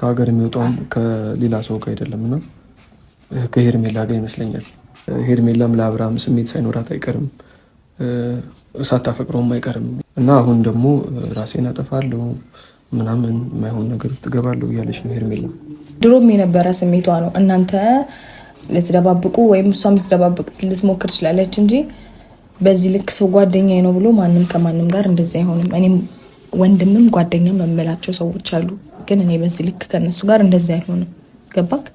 ከሀገር የሚወጣውም ከሌላ ሰው ጋር አይደለም እና ከሄርሜላ ጋር ይመስለኛል። ሄርሜላም ለአብርሃም ስሜት ሳይኖራት አይቀርም፣ ሳታፈቅረውም አይቀርም እና አሁን ደግሞ ራሴን አጠፋለሁ ምናምን የማይሆን ነገር ውስጥ እገባለሁ እያለች ነው ሄርሜላ። ድሮም የነበረ ስሜቷ ነው። እናንተ ልትደባብቁ ወይም እሷም ልትደባብቅ ልትሞክር ትችላለች እንጂ በዚህ ልክ ሰው ጓደኛዬ ነው ብሎ ማንም ከማንም ጋር እንደዚህ አይሆንም። እኔም ወንድምም ጓደኛም መመላቸው ሰዎች አሉ። ግን እኔ በዚህ ልክ ከነሱ ጋር እንደዚህ አይሆንም። ገባክ?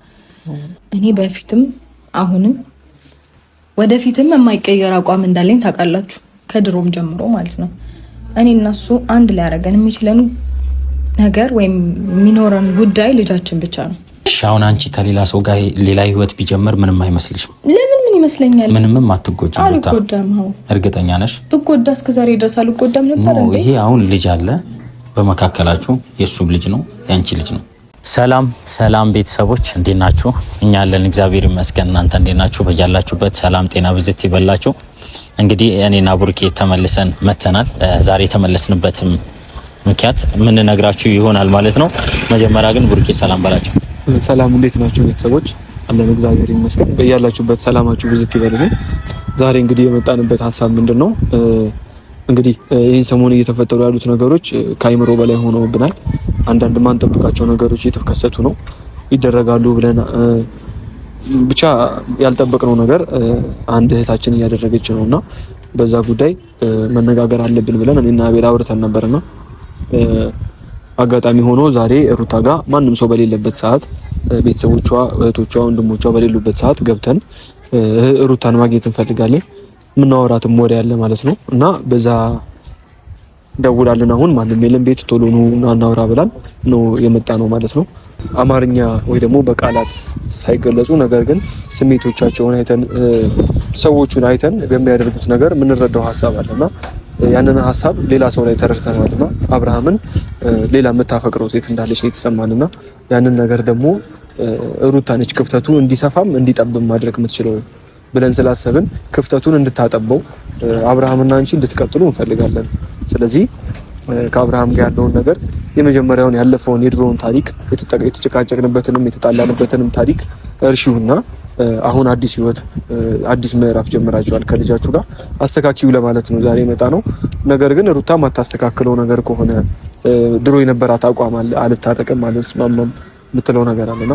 እኔ በፊትም አሁንም ወደፊትም የማይቀየር አቋም እንዳለኝ ታውቃላችሁ። ከድሮም ጀምሮ ማለት ነው። እኔ እነሱ አንድ ሊያደርገን የሚችለን ነገር ወይም የሚኖረን ጉዳይ ልጃችን ብቻ ነው። አሁን አንቺ ከሌላ ሰው ጋር ሌላ ህይወት ቢጀምር ምንም አይመስልሽም? ይመስለኛል። ምንምም አትጎጅ። አልጎዳም። እርግጠኛ ነሽ? ብጎዳ እስከዛሬ ድረስ አልጎዳም ነበር። ይሄ አሁን ልጅ አለ በመካከላችሁ። የእሱም ልጅ ነው የአንቺ ልጅ ነው። ሰላም ሰላም ቤተሰቦች እንዴት ናችሁ? እኛ ያለን እግዚአብሔር ይመስገን። እናንተ እንዴት ናችሁ? በያላችሁበት ሰላም ጤና ብዝት ይበላችሁ። እንግዲህ እኔና ቡርኬ ተመልሰን መተናል። ዛሬ የተመለስንበትም ምክንያት የምንነግራችሁ ይሆናል ማለት ነው። መጀመሪያ ግን ቡርኬ ሰላም በላቸው። ሰላም እንዴት ናችሁ ቤተሰቦች? አለን እግዚአብሔር ይመስገን። በያላችሁበት ሰላማችሁ ብዝት ይበልልኝ። ዛሬ እንግዲህ የመጣንበት ሀሳብ ምንድን ነው? እንግዲህ ይህን ሰሞን እየተፈጠሩ ያሉት ነገሮች ከአይምሮ በላይ ሆነውብናል። አንዳንድ ማንጠብቃቸው ነገሮች እየተከሰቱ ነው ይደረጋሉ ብለን ብቻ ያልጠበቅነው ነገር አንድ እህታችን እያደረገች ነው እና በዛ ጉዳይ መነጋገር አለብን ብለን እኔና ቤላ አውርተን ነበርና አጋጣሚ ሆኖ ዛሬ ሩታ ጋር ማንም ሰው በሌለበት ሰዓት ቤተሰቦቿ፣ እህቶቿ፣ ወንድሞቿ በሌሉበት ሰዓት ገብተን ሩታን ማግኘት እንፈልጋለን። ምናወራትም ወሬ ያለ ማለት ነው እና በዛ ደውላለን። አሁን ማንም የለም ቤት ቶሎ ኑ እናውራ ብላን ነው የመጣ ነው ማለት ነው። አማርኛ ወይ ደግሞ በቃላት ሳይገለጹ ነገር ግን ስሜቶቻቸውን አይተን ሰዎቹን አይተን በሚያደርጉት ነገር የምንረዳው ሀሳብ አለና ያንን ሀሳብ ሌላ ሰው ላይ ተረድተናልና አብርሃምን ሌላ የምታፈቅረው ሴት እንዳለች ነው ያንን ነገር ደግሞ ሩታ ነች ክፍተቱ እንዲሰፋም እንዲጠብም ማድረግ የምትችለው ብለን ስላሰብን ክፍተቱን እንድታጠበው አብርሃምና አንቺ እንድትቀጥሉ እንፈልጋለን። ስለዚህ ከአብርሃም ጋር ያለውን ነገር የመጀመሪያውን ያለፈውን የድሮውን ታሪክ የተጨቃጨቅንበትንም የተጣላንበትንም ታሪክ እርሺውና አሁን አዲስ ህይወት አዲስ ምዕራፍ ጀምራችኋል ከልጃችሁ ጋር አስተካኪው ለማለት ነው ዛሬ የመጣ ነው። ነገር ግን ሩታ ማታስተካክለው ነገር ከሆነ ድሮ የነበራት አቋም አለ አልታጠቅም፣ አልስማማም የምትለው ነገር አለና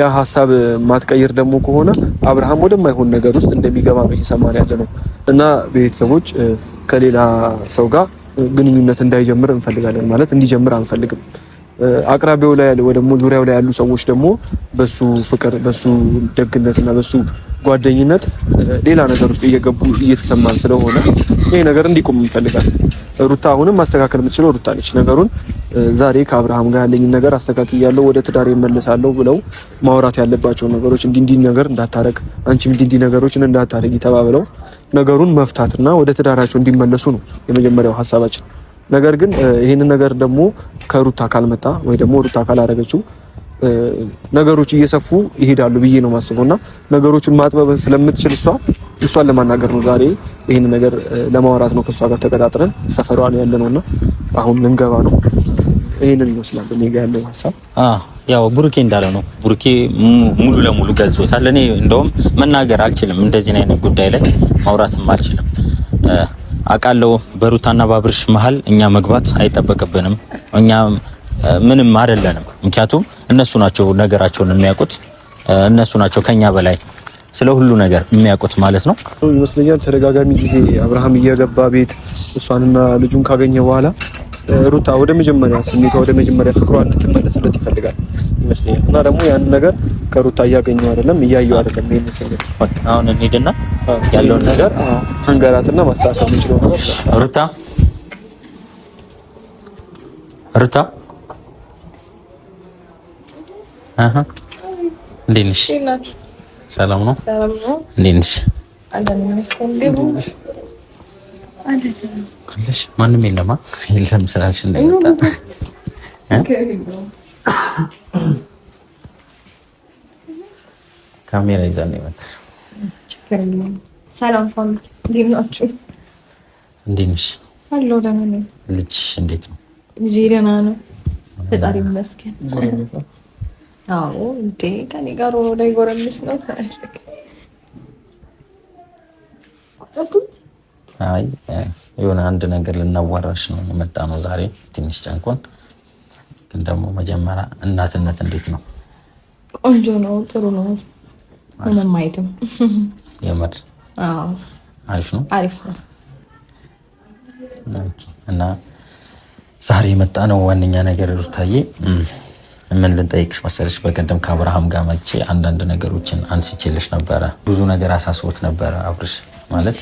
ያ ሀሳብ ማትቀይር ደግሞ ከሆነ አብርሃም ወደማይሆን ነገር ውስጥ እንደሚገባ ነው እየሰማን ያለ ነው እና ቤተሰቦች ከሌላ ሰው ጋር ግንኙነት እንዳይጀምር እንፈልጋለን ማለት እንዲጀምር አንፈልግም። አቅራቢያው ላይ ያለ ወይ ደግሞ ዙሪያው ላይ ያሉ ሰዎች ደግሞ በሱ ፍቅር፣ በሱ ደግነትና በሱ ጓደኝነት ሌላ ነገር ውስጥ እየገቡ እየተሰማን ስለሆነ ይሄ ነገር እንዲቆም ይፈልጋል። ሩታ አሁንም ማስተካከል የምትችለው ሩታ ነች። ነገሩን ዛሬ ከአብርሃም ጋር ያለኝን ነገር አስተካክያለሁ፣ ወደ ትዳር እመለሳለሁ ብለው ማውራት ያለባቸው ነገሮች እንዲህ እንዲህ ነገር እንዳታረግ፣ አንቺም እንዲህ እንዲህ ነገሮችን እንዳታረግ ተባብለው ነገሩን መፍታትና ወደ ትዳራቸው እንዲመለሱ ነው የመጀመሪያው ሀሳባችን። ነገር ግን ይህንን ነገር ደግሞ ከሩታ ካልመጣ ወይ ደግሞ ሩታ ካላደረገችው ነገሮች እየሰፉ ይሄዳሉ ብዬ ነው የማስበው እና ነገሮቹን ማጥበብ ስለምትችል እሷ እሷን ለማናገር ነው ዛሬ ይህን ነገር ለማውራት ነው ከእሷ ጋር ተቀጣጥረን ሰፈሯ ያለ ነው እና አሁን ልንገባ ነው። ይህንን ይመስላል እኔ ጋ ያለው ሀሳብ። ያው ብሩኬ እንዳለ ነው። ቡርኬ ሙሉ ለሙሉ ገልጾታል። እኔ እንደውም መናገር አልችልም፣ እንደዚህ አይነት ጉዳይ ላይ ማውራትም አልችልም። አቃለው በሩታና በአብርሽ መሀል እኛ መግባት አይጠበቅብንም። እኛ ምንም አይደለንም። ምክንያቱም እነሱ ናቸው ነገራቸውን የሚያውቁት፣ እነሱ ናቸው ከኛ በላይ ስለ ሁሉ ነገር የሚያውቁት ማለት ነው ይመስለኛል። ተደጋጋሚ ጊዜ አብርሃም እየገባ ቤት እሷንና ልጁን ካገኘ በኋላ ሩታ ወደ መጀመሪያ ስሜቷ ወደ መጀመሪያ ፍቅሯ እንድትመለስለት ይፈልጋል። ይመስለኛል። እና ደግሞ ያን ነገር ከሩታ እያገኘው አይደለም፣ እያየው አይደለም። ይሄን ሰው በቃ አሁን እንሂድና ያለውን ነገር አንገራትና ማስተካከል የምንችለው ነው። ሩታ ሩታ እንዴት ነሽ? ሰላም ነው። እንዴት ነሽ? ማንም የለም የለም ስላልሽ ካሜራ ይዛ ነው የመጣችው። ሰላም ፋሚሊ እንዴት ናችሁ? እንዴት ነሽ? አለሁ ደህና ነኝ። ልጅሽ እንዴት ነው? ልጄ ደህና ነው ፈጣሪ ይመስገን። አዎ እንዴ ከኔ ጋር ሆኖ ላይ ጎረምስ ነው። አይ የሆነ አንድ ነገር ልናዋራሽ ነው የመጣ ነው ዛሬ ትንሽ ጨንቆን ግን ደግሞ መጀመሪያ እናትነት እንዴት ነው? ቆንጆ ነው፣ ጥሩ ነው። ምንም አይትም የምር አሪፍ ነው፣ አሪፍ ነው። እና ዛሬ የመጣ ነው ዋነኛ ነገር ሩታዬ፣ ምን ልንጠይቅሽ መሰለሽ፣ በቀደም ከአብርሃም ጋር መቼ አንዳንድ ነገሮችን አንስቼልሽ ነበረ። ብዙ ነገር አሳስቦት ነበረ አብርሽ ማለት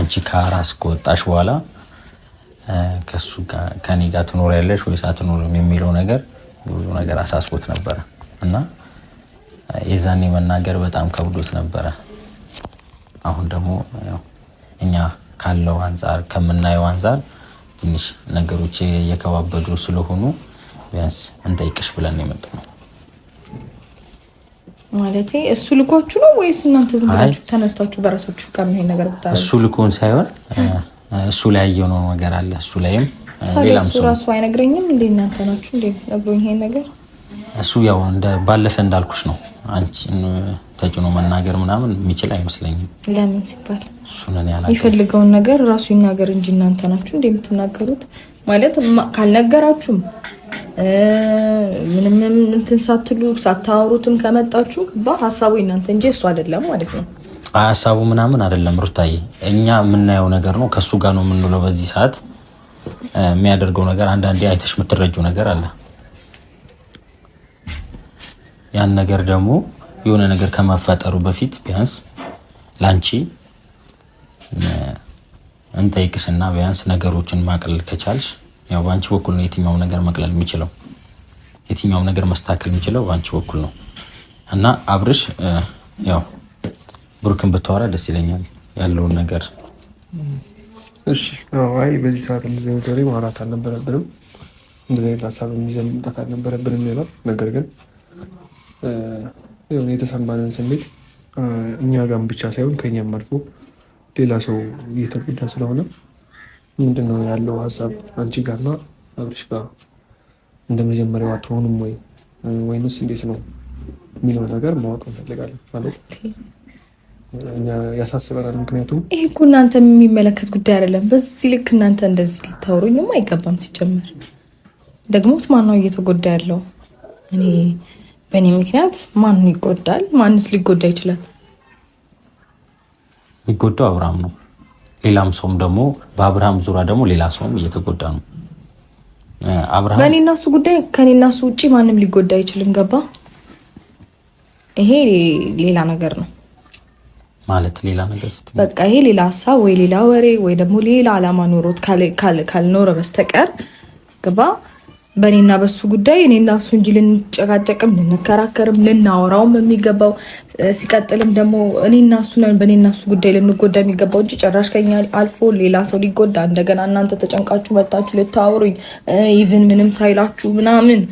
አንቺ ከራስ ከወጣሽ በኋላ ከሱ ከኔ ጋር ያለሽ ወይስ አትኖርም የሚለው ነገር ብዙ ነገር አሳስቦት ነበረ እና የዛኔ መናገር በጣም ከብዶት ነበረ። አሁን ደግሞ እኛ ካለው አንጻር ከምናየው አንጻር ትንሽ ነገሮች እየከባበዱ ስለሆኑ ቢያንስ እንጠይቅሽ ብለን የመጣ ነው። ማለት እሱ ልኳችሁ ነው ወይስ እናንተ ዝም ብላችሁ ተነስታችሁ በራሳችሁ ፍቃድ ነው ነገር ብታረጉ? እሱ ልኮን ሳይሆን እሱ ላይ ያየነው ነገር አለ። እሱ ላይም እሱ ራሱ አይነግረኝም። እንደ እናንተ ናችሁ እንዴ ነግሮኝ ይሄን ነገር? እሱ ያው እንደ ባለፈ እንዳልኩሽ ነው። አንቺ ተጭኖ መናገር ምናምን የሚችል አይመስለኝም። ለምን ሲባል የፈልገውን ነገር ራሱ ይናገር እንጂ እናንተ ናችሁ እንዴ የምትናገሩት? ማለት ካልነገራችሁም ምንም እንትን ሳትሉ ሳታወሩትም ከመጣችሁ ባ ሀሳቡ እናንተ እንጂ እሱ አይደለም ማለት ነው። ሀሳቡ ምናምን አይደለም ሩታዬ፣ እኛ የምናየው ነገር ነው። ከእሱ ጋር ነው የምንውለው። በዚህ ሰዓት የሚያደርገው ነገር አንዳንዴ አይተሽ የምትረጁ ነገር አለ። ያን ነገር ደግሞ የሆነ ነገር ከመፈጠሩ በፊት ቢያንስ ላንቺ እንጠይቅሽና ቢያንስ ነገሮችን ማቅለል ከቻልሽ፣ ያው በአንቺ በኩል ነው የትኛው ነገር መቅለል የሚችለው የትኛውም ነገር መስታከል የሚችለው በአንቺ በኩል ነው እና አብርሽ ያው ብሩክን ብታወራ ደስ ይለኛል ያለውን ነገር። እሺ አይ በዚህ ሰዓት እንደዚህ ነገር ማውራት አልነበረብንም፣ እንደዚህ አይነት ሀሳብ የሚዘን አልነበረብንም ይላል። ነገር ግን የተሰማንን ስሜት እኛ ጋም ብቻ ሳይሆን ከኛም አልፎ ሌላ ሰው እየተጎዳ ስለሆነ ምንድን ነው ያለው ሀሳብ አንቺ ጋርና አብርሽ ጋር እንደ መጀመሪያው አትሆኑም ወይ ወይምስ እንዴት ነው የሚለው ነገር ማወቅ እንፈልጋለን ማለት ያሳስበናል። ምክንያቱም ይህ እኮ እናንተ የሚመለከት ጉዳይ አይደለም። በዚህ ልክ እናንተ እንደዚህ ልታወሩኝም አይገባም። ሲጀመር ደግሞስ ማን ነው እየተጎዳ ያለው? እኔ በእኔ ምክንያት ማን ይጎዳል? ማንስ ሊጎዳ ይችላል? የሚጎዳው አብርሃም ነው። ሌላም ሰውም ደግሞ በአብርሃም ዙሪያ ደግሞ ሌላ ሰውም እየተጎዳ ነው። በእኔ እና እሱ ጉዳይ ከእኔ እና እሱ ውጭ ማንም ሊጎዳ አይችልም። ገባ? ይሄ ሌላ ነገር ነው። ማለት ሌላ ነገር ስትይ በቃ ይሄ ሌላ ሀሳብ ወይ ሌላ ወሬ ወይ ደግሞ ሌላ አላማ ኖሮት ካልኖረ በስተቀር ግባ በእኔና በሱ ጉዳይ እኔና እሱ እንጂ ልንጨቃጨቅም ልንከራከርም ልናወራውም የሚገባው ሲቀጥልም ደግሞ እኔና እሱ በእኔና እሱ ጉዳይ ልንጎዳ የሚገባው እንጂ ጭራሽ ከኛ አልፎ ሌላ ሰው ሊጎዳ እንደገና እናንተ ተጨንቃችሁ መታችሁ ልታወሩኝ ኢቭን ምንም ሳይላችሁ ምናምን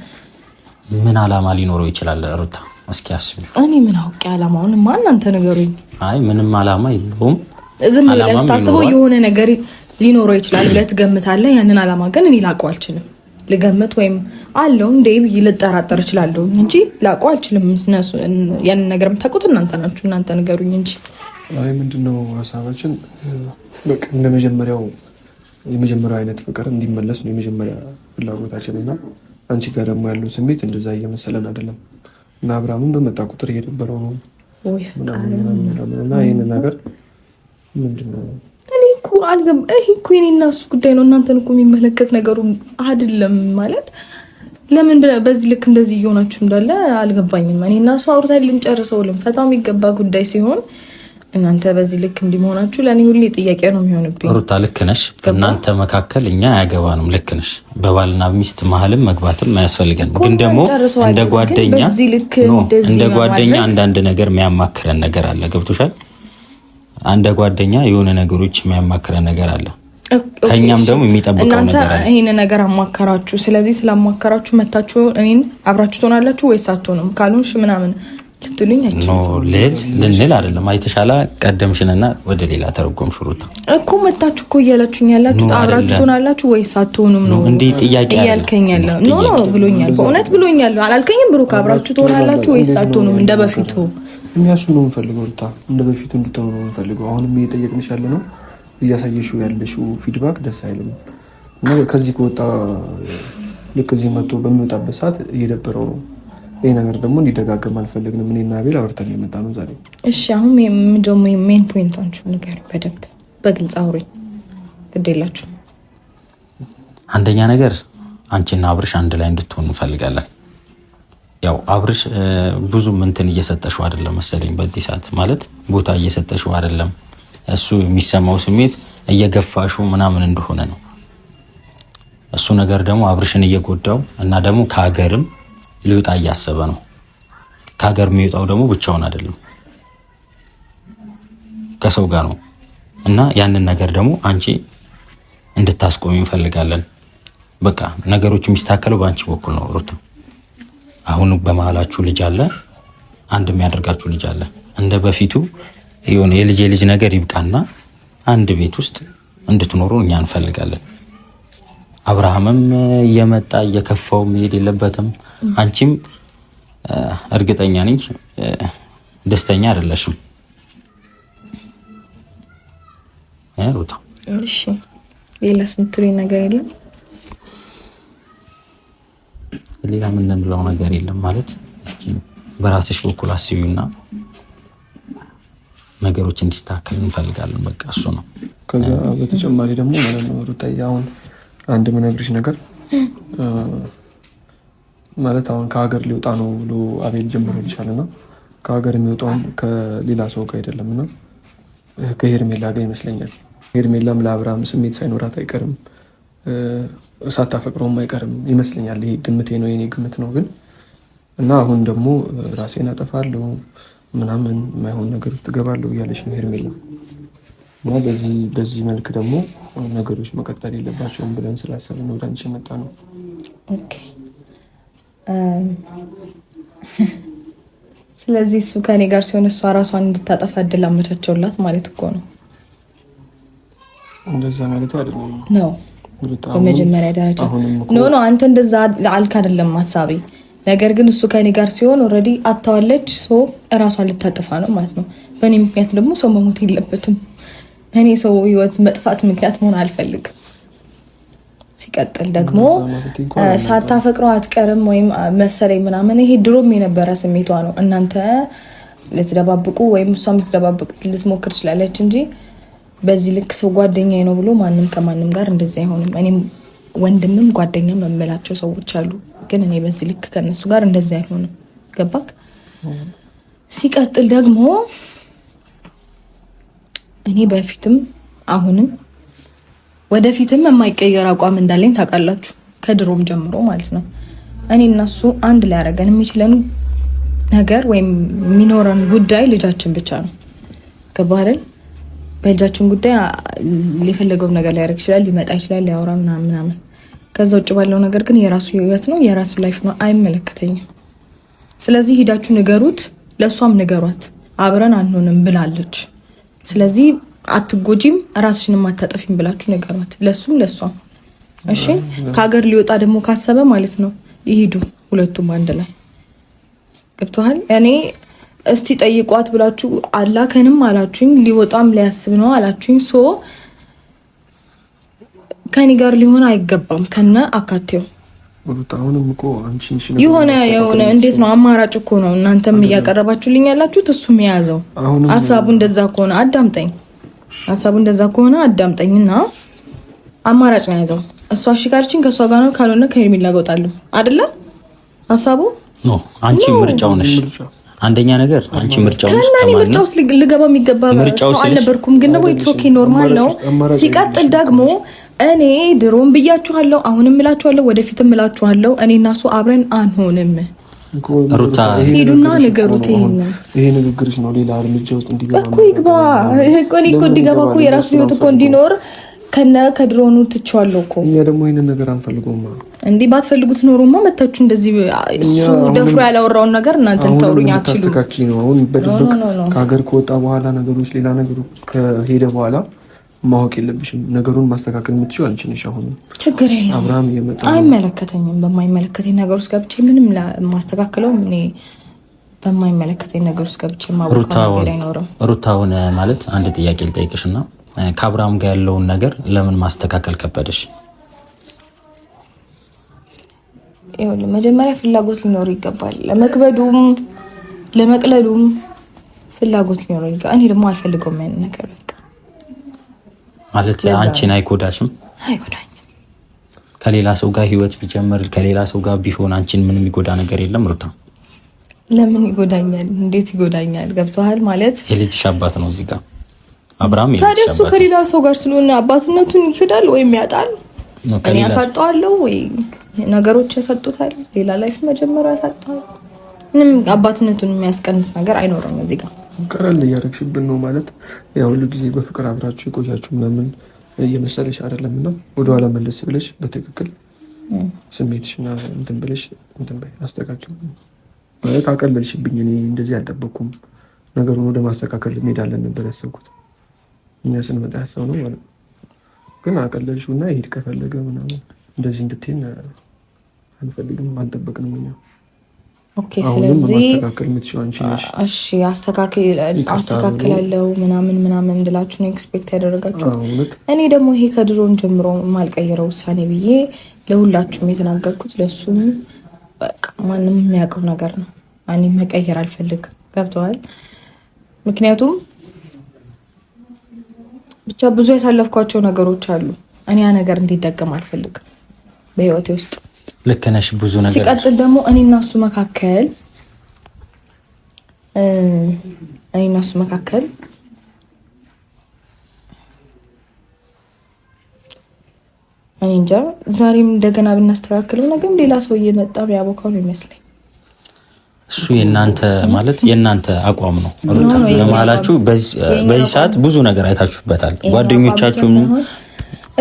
ምን አላማ ሊኖረው ይችላል ሩታ? እስኪ አስቢ። እኔ ምን አውቄ አላማውን ማን አንተ ንገሩኝ። አይ ምንም አላማ የለውም። ዝም ብለህ ስታስበው የሆነ ነገር ሊኖረው ይችላል ብለህ ትገምታለህ። ያንን አላማ ግን እኔ ላውቀው አልችልም። ልገምት ወይም አለው እንደ ብዬ ልጠራጠር እችላለሁ እንጂ ላውቀው አልችልም። ያንን ነገር የምታውቁት እናንተ ናችሁ። እናንተ ነገሩኝ እንጂ አይ ምንድነው ሀሳባችን? በቃ እንደ መጀመሪያው የመጀመሪያው አይነት ፍቅር እንዲመለስ ነው የመጀመሪያ ፍላጎታችን እና አንቺ ጋር ደግሞ ያለው ስሜት እንደዛ እየመሰለን አይደለም እና አብርሃምን በመጣ ቁጥር እየደበረው ነው እና ይህንን ነገር ምንድን ነው እኔ እኮ ይሄ እኮ የኔ እና እሱ ጉዳይ ነው። እናንተን እኮ የሚመለከት ነገሩ አይደለም ማለት ለምን በዚህ ልክ እንደዚህ እየሆናችሁ እንዳለ አልገባኝም። እኔ እና እሱ አውርተን ልንጨርሰው ልንፈታው የሚገባ ጉዳይ ሲሆን እናንተ በዚህ ልክ እንዲመሆናችሁ ለእኔ ሁሌ ጥያቄ ነው የሚሆንብኝ። ሩታ ልክ ነሽ። እናንተ መካከል እኛ አያገባንም። ልክ ነሽ። በባልና ሚስት መሀልም መግባትም አያስፈልገን። ግን ደግሞ እንደ ጓደኛ እንደ ጓደኛ አንዳንድ ነገር የሚያማክረን ነገር አለ። ገብቶሻል? እንደ ጓደኛ የሆነ ነገሮች የሚያማክረን ነገር አለ። ከእኛም ደግሞ የሚጠብቀው ነገር አለ። ይህን ነገር አማከራችሁ። ስለዚህ ስላማከራችሁ መታችሁ እኔን አብራችሁ ትሆናላችሁ ወይስ አትሆንም? ካልሆንሽ ምናምን ልትሉኝ ልንል አይደለም። አይተሻላ ቀደምሽንና ወደ ሌላ ተረጎም ሽሩታ እኮ መታችሁ እኮ እያላችሁኝ ያላችሁት አብራችሁ ትሆናላችሁ ወይስ አትሆኑም ነው እንዴ? ጥያቄ እያልከኝ ኖ ኖ ብሎኛል፣ በእውነት ብሎኛል። አላልከኝም? ብሩክ አብራችሁ ትሆናላችሁ ወይስ አትሆኑም? እንደ በፊቱ የሚያሱ ነው የምፈልገው ሩታ፣ እንደ በፊቱ እንድትሆኑ ነው የምፈልገው። አሁንም እየጠየቅንሽ ያለ ነው እያሳየሽው ያለሽው ፊድባክ ደስ አይልም ከዚህ ከወጣ ልክ እዚህ መጥቶ በሚወጣበት ሰዓት እየደበረው ነው ይህ ነገር ደግሞ እንዲደጋገም አልፈለግንም። እና ቤል አውርተን የመጣ ነው ዛሬ። እሺ፣ አሁን ደግሞ ሜን ፖይንታችሁ ንገሪኝ፣ በደንብ በግልጽ አውሪ። ግድ የላችሁ። አንደኛ ነገር አንቺና አብርሽ አንድ ላይ እንድትሆኑ እንፈልጋለን። ያው አብርሽ ብዙም እንትን እየሰጠሽው አይደለም መሰለኝ፣ በዚህ ሰዓት ማለት ቦታ እየሰጠሽው አይደለም። እሱ የሚሰማው ስሜት እየገፋሹ ምናምን እንደሆነ ነው። እሱ ነገር ደግሞ አብርሽን እየጎዳው እና ደግሞ ከሀገርም ሊወጣ እያሰበ ነው። ከሀገር የሚወጣው ደግሞ ብቻውን አይደለም፣ ከሰው ጋር ነው እና ያንን ነገር ደግሞ አንቺ እንድታስቆሚ እንፈልጋለን። በቃ ነገሮች የሚስተካከለው በአንቺ በኩል ነው ሩት። አሁን በመሀላችሁ ልጅ አለ፣ አንድ የሚያደርጋችሁ ልጅ አለ። እንደ በፊቱ የሆነ የልጅ የልጅ ነገር ይብቃና አንድ ቤት ውስጥ እንድትኖሩ እኛ እንፈልጋለን። አብርሃምም እየመጣ እየከፋው መሄድ የለበትም። አንቺም እርግጠኛ ነኝ ደስተኛ አይደለሽም። ሩታ እሺ፣ ሌላስ የምትለኝ ነገር የለም? ሌላ የምንለው ነገር የለም ማለት እስኪ በራስሽ በኩል አስቢና ነገሮች እንዲስተካከል እንፈልጋለን። በቃ እሱ ነው። ከዛ በተጨማሪ ደግሞ ማለት ነው ሩታ አሁን አንድ ምነግርሽ ነገር ማለት አሁን ከሀገር ሊወጣ ነው ብሎ አቤል ጀምሮ ይልሻል እና ከሀገር የሚወጣውም ከሌላ ሰው ጋር አይደለም እና ከሄርሜላ ጋር ይመስለኛል። ሄርሜላም ለአብርሃም ስሜት ሳይኖራት አይቀርም፣ ሳታፈቅረውም አይቀርም ይመስለኛል። ይሄ ግምቴ ነው የኔ ግምት ነው ግን እና አሁን ደግሞ ራሴን አጠፋለሁ ምናምን የማይሆን ነገር ውስጥ እገባለሁ እያለች ነው ሄርሜላ እና በዚህ መልክ ደግሞ ነገሮች መቀጠል የለባቸውም ብለን ስላሰብን ወደ አንቺ የመጣ ነው። ስለዚህ እሱ ከእኔ ጋር ሲሆን እሷ ራሷን እንድታጠፋ እድል አመቻቸውላት ማለት እኮ ነው። እንደዛ ማለት አይደለም ነው በመጀመሪያ ደረጃ ኖ ኖ አንተ እንደዛ አልክ አይደለም ሀሳቤ። ነገር ግን እሱ ከእኔ ጋር ሲሆን ኦልሬዲ አታዋለች ሰው እራሷን ልታጠፋ ነው ማለት ነው። በእኔ ምክንያት ደግሞ ሰው መሞት የለበትም። እኔ ሰው ህይወት መጥፋት ምክንያት መሆን አልፈልግም። ሲቀጥል ደግሞ ሳታፈቅረው አትቀርም ወይም መሰለኝ ምናምን ይሄ ድሮም የነበረ ስሜቷ ነው። እናንተ ልትደባብቁ ወይም እሷም ልትደባብቅ ልትሞክር ትችላለች እንጂ በዚህ ልክ ሰው ጓደኛ ነው ብሎ ማንም ከማንም ጋር እንደዚህ አይሆንም። እኔም ወንድምም ጓደኛም መመላቸው ሰዎች አሉ፣ ግን እኔ በዚህ ልክ ከእነሱ ጋር እንደዚህ አይሆንም። ገባክ? ሲቀጥል ደግሞ እኔ በፊትም አሁንም ወደፊትም የማይቀየር አቋም እንዳለኝ ታውቃላችሁ። ከድሮም ጀምሮ ማለት ነው። እኔ እነሱ አንድ ሊያደርገን የሚችለን ነገር ወይም የሚኖረን ጉዳይ ልጃችን ብቻ ነው። ገባህ በልጃችን ጉዳይ የፈለገውን ነገር ሊያደርግ ይችላል፣ ሊመጣ ይችላል፣ ሊያወራ ምናምን ምናምን። ከዛ ውጭ ባለው ነገር ግን የራሱ ህይወት ነው፣ የራሱ ላይፍ ነው፣ አይመለከተኝም። ስለዚህ ሂዳችሁ ንገሩት፣ ለእሷም ንገሯት። አብረን አንሆንም ብላለች። ስለዚህ አትጎጂም፣ ራስሽንም አታጠፊም ብላችሁ ነገሯት፣ ለሱም ለሷም። እሺ ከሀገር ሊወጣ ደግሞ ካሰበ ማለት ነው ይሄዱ ሁለቱም አንድ ላይ ገብተዋል። እኔ እስቲ ጠይቋት ብላችሁ አላከንም አላችሁኝ። ሊወጣም ሊያስብ ነው አላችሁኝ። ሶ ከኔ ጋር ሊሆን አይገባም ከነ አካቴው የሆነ የሆነ እንዴት ነው አማራጭ እኮ ነው እናንተም እያቀረባችሁልኝ ያላችሁት እሱም የያዘው ሀሳቡ እንደዛ ከሆነ አዳምጠኝ ሀሳቡ እንደዛ ከሆነ አዳምጠኝ እና አማራጭ ነው የያዘው እሷ አሽጋሪችን ከእሷ ጋር ነው ካልሆነ ከሄርሜላ ጋር እወጣለሁ አይደለ ሀሳቡ አንቺ ምርጫው ነሽ አንደኛ ነገር አንቺ ምርጫው ነሽ ከእናኔ ምርጫው ውስጥ ልገባ የሚገባ ሰው አልነበርኩም ግን ደግሞ ኢትስ ኦኬ ኖርማል ነው ሲቀጥል ደግሞ እኔ ድሮም ብያችኋለሁ፣ አሁንም እላችኋለሁ፣ ወደፊትም እላችኋለሁ፣ እኔ እና እሱ አብረን አንሆንም። ሄዱና ንገሩት። ይሄ ንግግርሽ ነው ሌላ እርምጃ ውስጥ እንዲገባ እኮ ይግባ እኮ እንዲገባ እኮ የራሱ ህይወት እኮ እንዲኖር ከነ ከድሮኑ ትቼዋለሁ እኮ። እኛ ደግሞ ይህንን ነገር አንፈልገውማ። እንዲህ ባትፈልጉት ኖሮማ መታችሁ እንደዚህ እሱ ደፍሮ ያላወራውን ነገር እናንተ ልታወሩኝ አትችሉ። አሁን በድብቅ ከሀገር ከወጣ በኋላ ነገሮች ሌላ ነገር ከሄደ በኋላ ማወቅ የለብሽም። ነገሩን ማስተካከል የምትችው አንቺ ነሽ። አሁን ችግር የለም አብርሃም እየመጣ አይመለከተኝም። በማይመለከተኝ ነገር ውስጥ ገብቼ ምንም ማስተካከለው እኔ በማይመለከተኝ ነገር ውስጥ ገብቼ ማውራት ሩታ ማለት አንድ ጥያቄ ልጠይቅሽ እና ከአብርሃም ጋር ያለውን ነገር ለምን ማስተካከል ከበደሽ? ይኸውልህ መጀመሪያ ፍላጎት ሊኖር ይገባል። ለመክበዱም ለመቅለዱም ፍላጎት ሊኖር ይገባል። እኔ ደግሞ አልፈልገውም ያንን ነገር ማለት አንቺን አይጎዳሽም? አይጎዳኝም። ከሌላ ሰው ጋር ህይወት ቢጀምር ከሌላ ሰው ጋር ቢሆን አንቺን ምንም የሚጎዳ ነገር የለም ሩታ። ለምን ይጎዳኛል? እንዴት ይጎዳኛል? ገብቶሃል ማለት የልጅሽ አባት ነው እዚህ ጋር አብርሃም። ታዲያ እሱ ከሌላ ሰው ጋር ስለሆነ አባትነቱን ይክዳል ወይም ያጣል? እኔ ያሳጠዋለሁ ወይ ነገሮች ያሳጡታል? ሌላ ላይፍ መጀመሪያ ያሳጠዋል ምንም አባትነቱን የሚያስቀንስ ነገር አይኖርም። እዚህ ጋር ቀለል እያደረግሽብን ነው ማለት ያው ሁሉ ጊዜ በፍቅር አብራችሁ የቆያችሁ ምናምን እየመሰለሽ አይደለም እና ወደኋላ መለስ ብለሽ በትክክል ስሜትሽና እንትን ብለሽ እንትን አስተካክል ማለት አቀለልሽብኝ። እኔ እንደዚህ አልጠበኩም። ነገሩን ወደ ማስተካከል እንሄዳለን ነበር ያሰብኩት እኛ ስንመጣ ያሰብ ነው ማለት ግን አቀለልሽው እና ይሄድ ከፈለገ ምናምን እንደዚህ እንድትሄን አንፈልግም፣ አልጠበቅንም እኛ አስተካክላለሁ ምናምን ምናምን እንድላችሁ ነው ኤክስፔክት ያደረጋችሁት። እኔ ደግሞ ይሄ ከድሮን ጀምሮ የማልቀይረው ውሳኔ ብዬ ለሁላችሁም የተናገርኩት ለእሱም በቃ ማንም የሚያውቀው ነገር ነው። እኔ መቀየር አልፈልግም። ገብተዋል። ምክንያቱም ብቻ ብዙ ያሳለፍኳቸው ነገሮች አሉ። እኔ ያ ነገር እንዲደገም አልፈልግም በህይወቴ ውስጥ ልክ ነሽ። ብዙ ነገር ሲቀጥል ደግሞ እኔ እና እሱ መካከል እኔ እና እሱ መካከል እኔ እንጃ ዛሬም እንደገና ብናስተካክለው ነገም ሌላ ሰው እየመጣ ቢያቦካው ነው ይመስለኝ። እሱ የእናንተ ማለት የእናንተ አቋም ነው። ሩታ በመሀላችሁ በዚህ ሰዓት ብዙ ነገር አይታችሁበታል። ጓደኞቻችሁም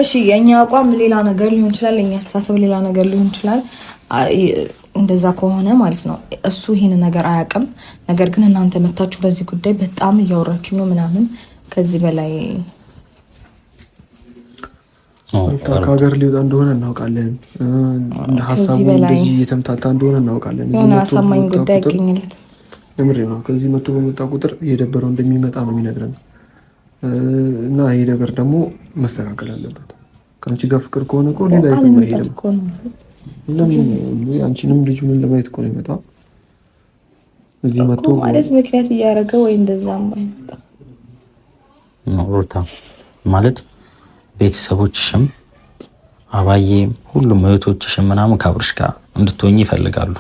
እሺ የእኛ አቋም ሌላ ነገር ሊሆን ይችላል፣ የኛ አስተሳሰብ ሌላ ነገር ሊሆን ይችላል። እንደዛ ከሆነ ማለት ነው እሱ ይህን ነገር አያውቅም። ነገር ግን እናንተ መታችሁ በዚህ ጉዳይ በጣም እያወራችሁ ነው ምናምን ከዚህ በላይ ከሀገር ሊወጣ እንደሆነ እናውቃለን። እንደ ሀሳቡ እንደዚህ እየተምታታ እንደሆነ እናውቃለን። ሆነ አሳማኝ ጉዳይ ያገኝለት ምሬ ነው። ከዚህ መቶ በመጣ ቁጥር እየደበረው እንደሚመጣ ነው የሚነግረን እና ይሄ ነገር ደግሞ መስተካከል አለበት። ከአንቺ ጋር ፍቅር ከሆነ እኮ ሌላ የትም አይሄድም። አንቺንም ልጁንም ለማየት እኮ ነው የመጣ እዚህ መጥቶ ማለት ምክንያት እያደረገ ወይ እንደዛም ሩታ ማለት ቤተሰቦችሽም አባዬም ሁሉም እህቶችሽም ምናምን ከአብርሽ ጋር እንድትሆኝ ይፈልጋሉ።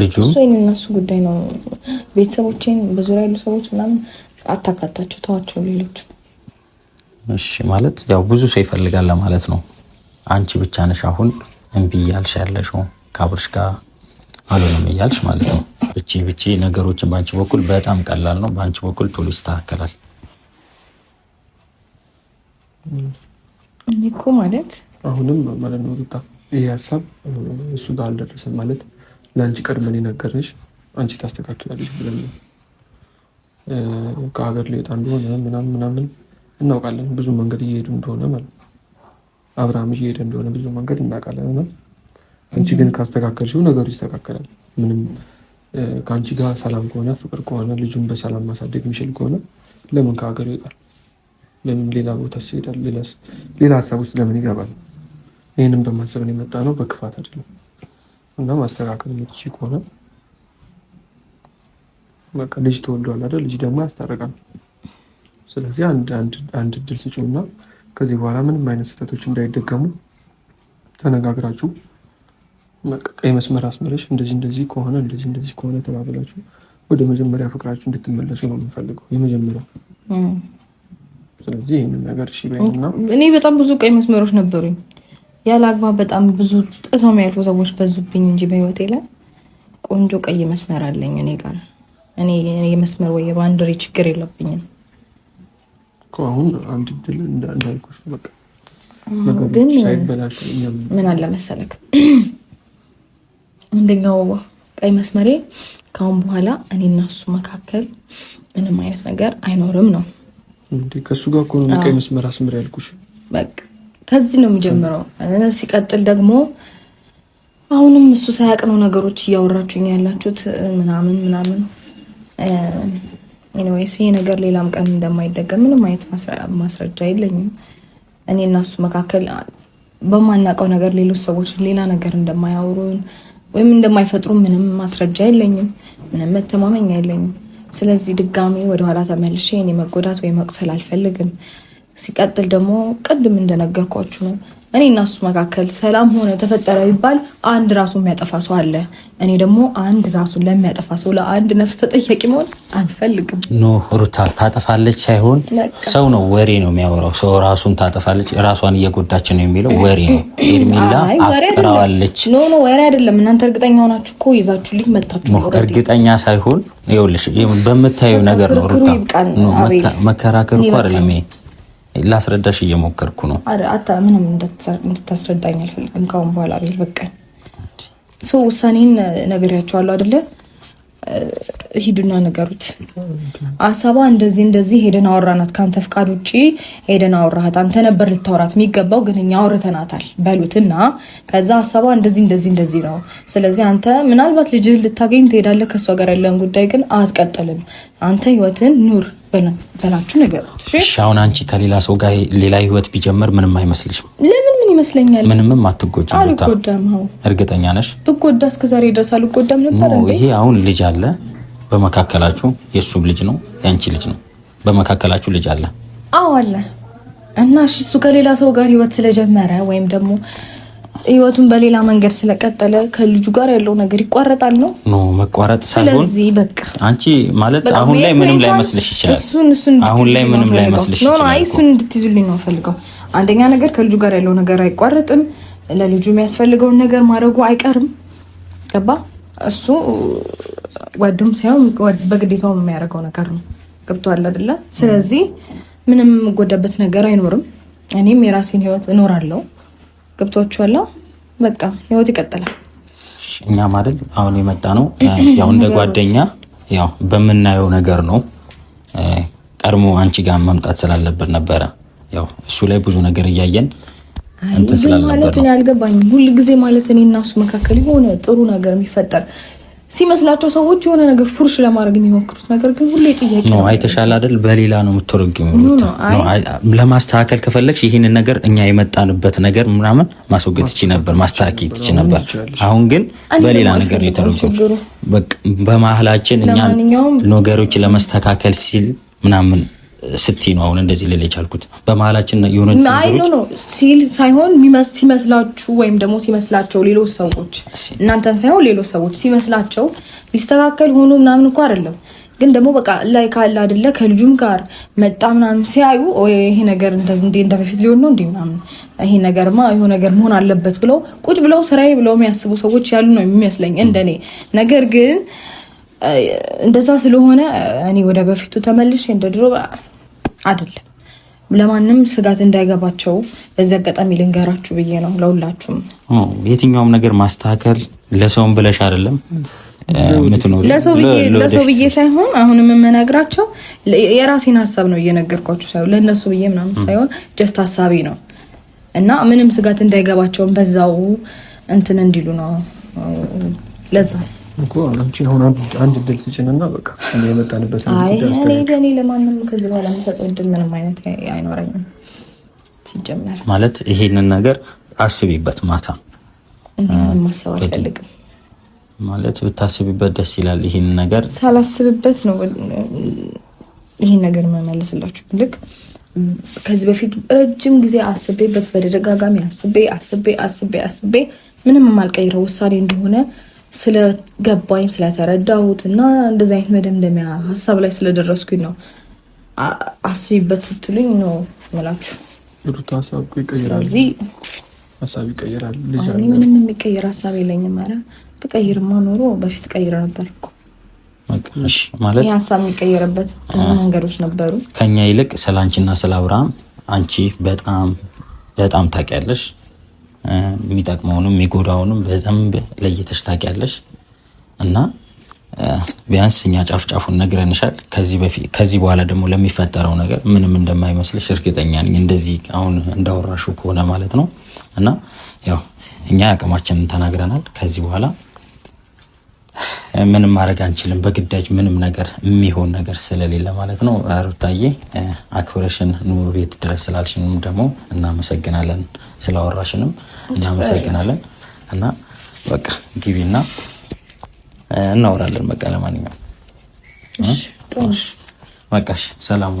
ልጁ እነሱ ጉዳይ ነው። ቤተሰቦችን በዙሪያ ያሉ ሰዎች ምናምን አታካታቸው፣ ተዋቸው ሌሎች እሺ ማለት ያው ብዙ ሰው ይፈልጋል ለማለት ነው። አንቺ ብቻ ነሽ አሁን እምቢ እያልሽ ያለሽው ከአብርሽ ጋር አልሆንም እያልሽ ማለት ነው። ብቼ ብቼ ነገሮችን በአንቺ በኩል በጣም ቀላል ነው፣ በአንቺ በኩል ቶሎ ይስተካከላል። እኔ እኮ ማለት አሁንም ማለት ነው ሩታ፣ ይሄ ሀሳብ እሱ ጋር አልደረሰም ማለት ለአንቺ ቀድመን የነገርንሽ አንቺ ታስተካክላለሽ ብለን ነው ከሀገር ሊወጣ እንደሆነ ምናምን ምናምን እናውቃለን ብዙ መንገድ እየሄዱ እንደሆነ ማለት ነው። አብርሃም እየሄደ እንደሆነ ብዙ መንገድ እናውቃለን እና አንቺ ግን ካስተካከልሽው ነገሩ ይስተካከላል። ምንም ከአንቺ ጋር ሰላም ከሆነ ፍቅር ከሆነ ልጁን በሰላም ማሳደግ የሚችል ከሆነ ለምን ከሀገር ይወጣል? ለምን ሌላ ቦታ ይሄዳል? ሌላ ሀሳብ ውስጥ ለምን ይገባል? ይህንም በማሰብ ነው የመጣ ነው፣ በክፋት አይደለም። እና ማስተካከል የምትችይ ከሆነ በቃ ልጅ ተወልዷል አይደል? ልጅ ደግሞ ያስታርቃል። ስለዚህ አንድ እድል ስጪው እና ከዚህ በኋላ ምንም አይነት ስህተቶች እንዳይደገሙ ተነጋግራችሁ ቀይ መስመር አስመለሽ እንደዚህ እንደዚህ ከሆነ እንደዚህ እንደዚህ ከሆነ ተባብላችሁ ወደ መጀመሪያ ፍቅራችሁ እንድትመለሱ ነው የምንፈልገው፣ የመጀመሪያው። ስለዚህ ይህንን ነገር እሺ በይና። እኔ በጣም ብዙ ቀይ መስመሮች ነበሩኝ ያለ አግባብ በጣም ብዙ ጥሰው የሚያልፉ ሰዎች በዙብኝ እንጂ በህይወቴ ላይ ቆንጆ ቀይ መስመር አለኝ እኔ ጋር። እኔ የመስመር ወይ የባንድሬ ችግር የለብኝም። አሁን አንድ ድል እንዳልኩሽ በቃ ግን ምን አለ መሰለክ፣ አንደኛው ቀይ መስመሬ ከአሁን በኋላ እኔ እና እሱ መካከል ምንም አይነት ነገር አይኖርም ነው። ከእሱ ጋር እኮ ነው ቀይ መስመር አስምር ያልኩሽ። በቃ ከዚህ ነው የሚጀምረው። ሲቀጥል ደግሞ አሁንም እሱ ሳያቅ ነው ነገሮች እያወራችሁኝ ያላችሁት ምናምን ምናምን ኤኒዌይስ ይሄ ነገር ሌላም ቀን እንደማይደገም ምንም አይነት ማስረጃ የለኝም። እኔ እናሱ መካከል በማናውቀው ነገር ሌሎች ሰዎች ሌላ ነገር እንደማያወሩን ወይም እንደማይፈጥሩ ምንም ማስረጃ የለኝም። ምንም መተማመኛ የለኝም። ስለዚህ ድጋሚ ወደኋላ ተመልሼ እኔ መጎዳት ወይ መቁሰል አልፈልግም። ሲቀጥል ደግሞ ቅድም እንደነገርኳችሁ ነው እኔ እና እሱ መካከል ሰላም ሆነ ተፈጠረ ይባል አንድ ራሱ የሚያጠፋ ሰው አለ። እኔ ደግሞ አንድ ራሱን ለሚያጠፋ ሰው ለአንድ ነፍስ ተጠያቂ መሆን አልፈልግም። ኖ ሩታ ታጠፋለች ሳይሆን ሰው ነው ወሬ ነው የሚያወራው። ሰው ራሱን ታጠፋለች ራሷን እየጎዳች ነው የሚለው ወሬ ነው። ኤርሚላ አፍቅራዋለች። ኖ ኖ ወሬ አይደለም። እናንተ እርግጠኛ ሆናችሁ እኮ ይዛችሁልኝ መታችሁ። እርግጠኛ ሳይሆን ይኸውልሽ፣ በምታየው ነገር ነው ሩታ። መከራከር እኮ አይደለም ይሄ ላስረዳሽ እየሞከርኩ ነው። ምንም እንድታስረዳኝ አልፈልግም ካሁን በኋላ ቤል በቃኝ። ውሳኔን ነግሬያቸዋለሁ አይደለ? ሂዱና ነገሩት። አሳባ እንደዚህ እንደዚህ ሄደን አወራናት፣ ከአንተ ፍቃድ ውጭ ሄደን አወራሃት፣ አንተ ነበር ልታወራት የሚገባው ግን እኛ አውርተናታል በሉት እና ከዛ አሳባ እንደዚህ እንደዚህ እንደዚህ ነው። ስለዚህ አንተ ምናልባት ልጅህን ልታገኝ ትሄዳለህ፣ ከእሷ ጋር ያለን ጉዳይ ግን አትቀጥልም። አንተ ህይወትን ኑር በላችሁ ነገር አሁን አንቺ ከሌላ ሰው ጋር ሌላ ህይወት ቢጀምር ምንም አይመስልሽም? ለምን ምን ይመስለኛል? ምንምም አትጎጂም። እርግጠኛ ነሽ? ብጎዳ እስከዛሬ ድረስ አልጎዳም ነበር። ይሄ አሁን ልጅ አለ በመካከላችሁ፣ የእሱም ልጅ ነው የአንቺ ልጅ ነው። በመካከላችሁ ልጅ አለ? አዎ አለ። እና እሱ ከሌላ ሰው ጋር ህይወት ስለጀመረ ወይም ደግሞ ህይወቱን በሌላ መንገድ ስለቀጠለ ከልጁ ጋር ያለው ነገር ይቋረጣል ነው ኖ መቋረጥ ሳይሆን፣ ስለዚህ በቃ አንቺ ማለት አሁን ላይ ምንም ላይ መስልሽ ይችላል። እሱን እሱን አሁን ላይ ምንም ላይ መስልሽ ይችላል። አይ እሱን እንድትይዙልኝ ነው ፈልገው። አንደኛ ነገር ከልጁ ጋር ያለው ነገር አይቋረጥም። ለልጁ የሚያስፈልገውን ነገር ማድረጉ አይቀርም። ገባ? እሱ ወድም ሳይሆን በግዴታው የሚያደርገው ነገር ነው። ገብቷል አይደለ? ስለዚህ ምንም የምጎዳበት ነገር አይኖርም። እኔም የራሴን ህይወት እኖራለሁ። ገብቷችኋል? በቃ ህይወት ይቀጥላል። እኛ ማለት አሁን የመጣ ነው ያው እንደ ጓደኛ ያው በምናየው ነገር ነው። ቀድሞ አንቺ ጋር መምጣት ስላለብን ነበረ ያው እሱ ላይ ብዙ ነገር እያየን እንትን ስላልነበር ነው። ማለት እኔ አልገባኝም። ማለት እኔ እና እሱ መካከል የሆነ ጥሩ ነገር የሚፈጠር ሲመስላቸው ሰዎች የሆነ ነገር ፉርሽ ለማድረግ የሚሞክሩት ነገር ግን ሁሌ ጥያቄ ነው። አይተሻል አይደል? በሌላ ነው የምትረጉሚው። ለማስተካከል ከፈለግሽ ይህንን ነገር እኛ የመጣንበት ነገር ምናምን ማስወገድ ትች ነበር፣ ማስተካከል ትች ነበር። አሁን ግን በሌላ ነገር ነው በመሀላችን እኛ ነገሮች ለመስተካከል ሲል ምናምን ስቲ ነው አሁን እንደዚህ ልል የቻልኩት። በመሀላችን የሆነ ሲል ሳይሆን ሲመስላችሁ ወይም ደግሞ ሲመስላቸው ሌሎች ሰዎች እናንተን ሳይሆን ሌሎች ሰዎች ሲመስላቸው ሊስተካከል ሆኖ ምናምን እኮ አይደለም ግን ደግሞ በቃ ላይ ካለ አደለ ከልጁም ጋር መጣ ምናምን ሲያዩ ይሄ ነገር እንደ በፊት ሊሆን ነው እንዲ ምናምን ይሄ ነገርማ ይሄ ነገር መሆን አለበት ብለው ቁጭ ብለው ስራዬ ብለው የሚያስቡ ሰዎች ያሉ ነው የሚመስለኝ እንደኔ። ነገር ግን እንደዛ ስለሆነ እኔ ወደ በፊቱ ተመልሼ እንደ ድሮ አይደለም። ለማንም ስጋት እንዳይገባቸው በዚህ አጋጣሚ ልንገራችሁ ብዬ ነው። ለሁላችሁም የትኛውም ነገር ማስተካከል ለሰውም ብለሽ አይደለም ለሰው ብዬ ሳይሆን አሁን የምመናግራቸው የራሴን ሀሳብ ነው እየነገርኳችሁ ሳይሆን ለእነሱ ብዬ ምናምን ሳይሆን ጀስት ሀሳቢ ነው እና ምንም ስጋት እንዳይገባቸውን በዛው እንትን እንዲሉ ነው ለዛ እኮ አንቺ አሁን አንድ እድል ስጭንና በቃ እኔ የመጣንበት እኔ ለማንም ከዚህ በኋላ የምሰጠው እድል ምንም አይነት አይኖረኝም። ሲጀመር ማለት ይሄንን ነገር አስቢበት። ማታ ማሰብ አልፈልግም ማለት ብታስቢበት ደስ ይላል። ይህን ነገር ሳላስብበት ነው ይህን ነገር መመልስላችሁ። ልክ ከዚህ በፊት ረጅም ጊዜ አስቤበት በተደጋጋሚ አስቤ አስቤ አስቤ አስቤ ምንም የማልቀይረው ውሳኔ እንደሆነ ስለገባኝ ስለተረዳሁት እና እንደዚህ አይነት መደምደሚያ ሀሳብ ላይ ስለደረስኩኝ ነው አስቢበት ስትሉኝ ነው ምላችሁ። ስለዚህ ሀሳብ ይቀይራል። ምንም የሚቀይር ሀሳብ የለኝም። ኧረ ብቀይርማ ኖሮ በፊት ቀይር ነበር እኮ ማለት ሀሳብ የሚቀየርበት ብዙ መንገዶች ነበሩ። ከኛ ይልቅ ስለ አንቺና ስለ አብርሃም አንቺ በጣም በጣም ታውቂያለሽ። የሚጠቅመውንም የሚጎዳውንም በደንብ ለይተሽ ታውቂያለሽ እና ቢያንስ እኛ ጫፍ ጫፉን ነግረንሻል። ከዚህ በኋላ ደግሞ ለሚፈጠረው ነገር ምንም እንደማይመስልሽ እርግጠኛ ነኝ። እንደዚህ አሁን እንዳወራሹ ከሆነ ማለት ነው እና ያው እኛ አቅማችንን ተናግረናል ከዚህ በኋላ ምንም ማድረግ አንችልም። በግዳጅ ምንም ነገር የሚሆን ነገር ስለሌለ ማለት ነው። ሩታዬ አክብረሽን ኑሮ ቤት ድረስ ስላልሽንም ደግሞ እናመሰግናለን፣ ስላወራሽንም እናመሰግናለን። እና በቃ ግቢና እናወራለን። በቃ ለማንኛውም በቃሽ፣ ሰላም